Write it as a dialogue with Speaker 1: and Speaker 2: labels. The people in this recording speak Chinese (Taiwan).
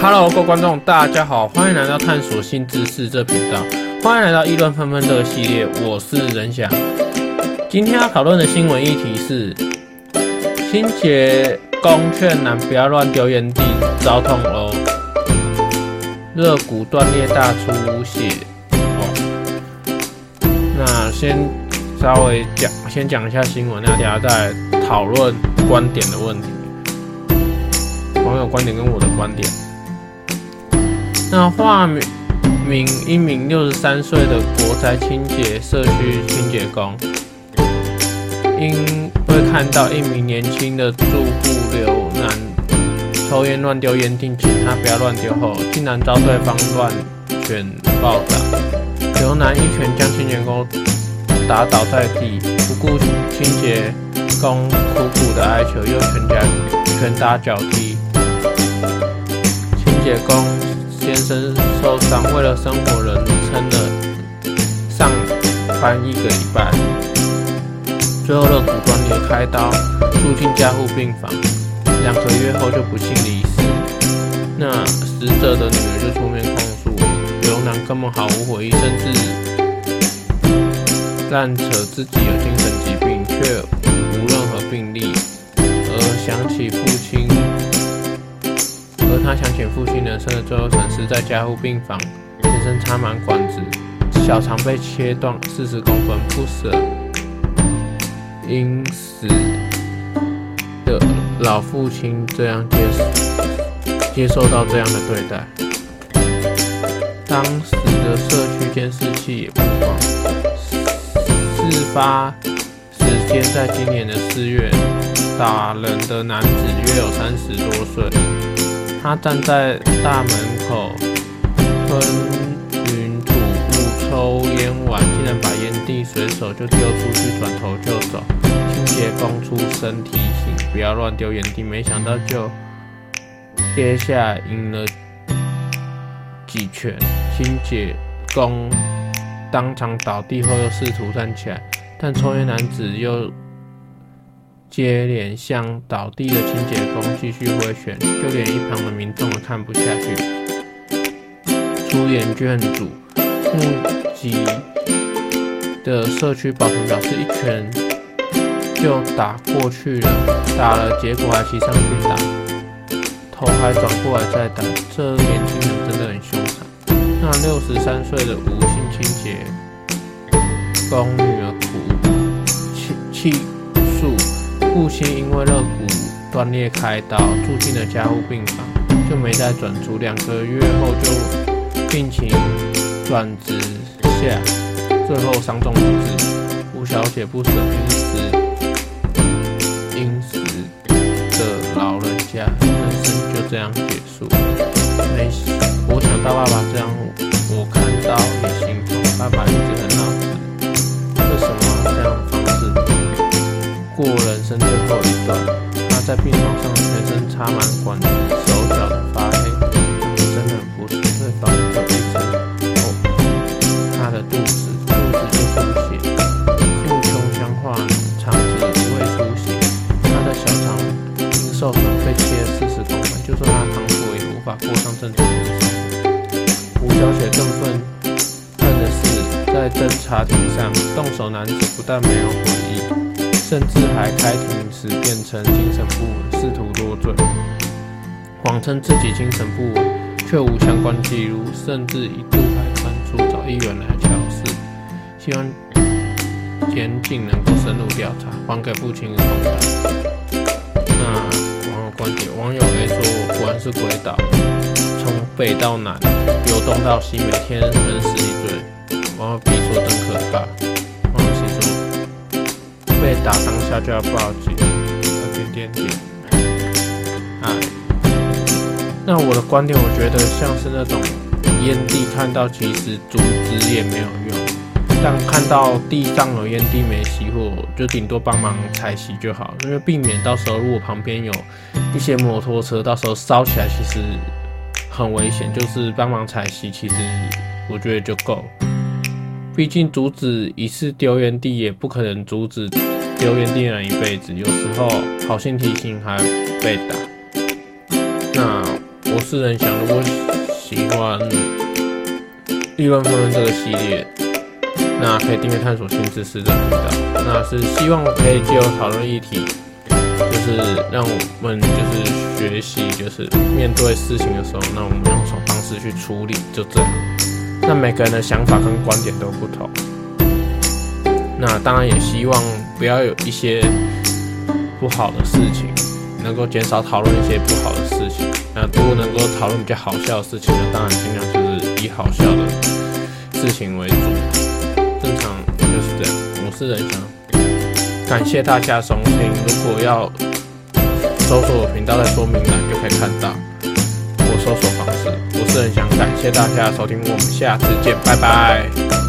Speaker 1: 哈嘍各位觀眾，大家好，歡迎來到探索新知識這頻道，歡迎來到議論紛紛這個系列，我是仁翔。今天要討論的新聞議題是，清潔工勸男不要亂丟菸蒂，遭痛毆，肋骨斷裂大出血，哦。那先稍微講，先講一下新聞，那等下再討論觀點的問題，朋、哦、友觀點跟我的觀點。那化名一名六十三歲的國宅清潔社區清潔工，因為看到一名年輕的住戶劉男抽菸亂丟菸蒂，請他不要亂丟後，竟然遭對方亂拳暴打。劉男一拳將清潔工打倒在地，不顧清潔工苦苦的哀求，又拳拳打腳踢，清潔工。先生受傷，為了生活，仍撐了上班一個禮拜，最後的五關也開刀，住進加護病房，兩個月後就不幸離世。那死者的女兒就出面控訴，劉男根本毫無悔意，甚至，亂扯自己有精神疾病，卻無任何病歷。而想起父親。他想起父親人生的最後損失在加護病房，全身插滿管子，小腸被切斷四十公分，不捨，因此的老父親這樣接受接受到這樣的對待。當時的社區監視器也不管。事發時間在今年的四月，打人的男子約有三十多歲。他站在大門口，吞雲吐霧抽煙完，竟然把煙蒂隨手就丟出去，轉頭就走。清潔工出聲提醒，不要亂丟煙蒂，沒想到就接下贏了幾拳，清潔工當場倒地後又試圖站起來，但抽煙男子又。接連向倒地的清潔工繼續揮拳，就連一旁的民眾都看不下去，出言勸阻目擊的社區保安表示，一拳就打過去了，打了結果還騎上去打，頭還轉過來再打，這年輕人真的很凶殘。那六十三歲的吳姓清潔工，雨而苦氣氣。父親因為肋骨斷裂開刀，住進了加護病房，就沒再轉出。兩個月後就病情轉直下，最後傷重不治。吳小姐不捨，因此，因此，的老人家人生就這樣結束。沒事，我想到爸爸。管子手腳都發黑，這個、真的，很不，錯的是、哦、不是凡夫俗子。哦，他的肚子，肚子就出、是、血，腹腔臟器出血，他的小腸因受損被切四十公分，就算，是、他康復也無法過上正常人的生活。吳小雪更憤恨的是，在偵查庭上，動手男子不但沒有悔意。甚至還開庭時變成精神不穩，試圖多嘴，謊稱自己精神不穩，卻無相關記錄，甚至一度還傳出找議員來喬事，希望檢警能夠深入調查，還給父親一個公道。那網友觀點，網友來說，我果然是鬼島，從北到南，由東到西，每天噴死一堆，網友批說真可怕。啊、當下就要報警，啊，點點點。哎、啊，那我的觀點，我覺得像是那種菸蒂，看到其實阻止也沒有用。但看到地上有菸蒂沒熄火，就頂多幫忙踩熄就好，因為避免到時候如果旁邊有一些摩托車，到時候燒起來其實很危險。就是幫忙踩熄，其實我覺得就夠。畢竟阻止一次丟菸蒂，也不可能阻止。留言定人一輩子，有時候好心提醒還被打。那我是仁翔，如果喜歡議論、嗯、紛紛這個系列，那可以訂閱探索新知識的頻道。那是希望可以借由討論議題，就是讓我們就是學習，就是面對事情的時候，那我們用什麼方式去處理？就這樣。那每個人的想法跟觀點都不同。那當然也希望不要有一些不好的事情，能夠減少討論一些不好的事情。那如果能夠討論比較好笑的事情呢？當然盡量就是以好笑的事情為主。正常就是這樣。我是仁翔，感謝大家收聽。如果要搜索我頻道的說明欄就可以看到我搜索方式。我是仁翔，感謝大家收聽。我們下次見，拜拜。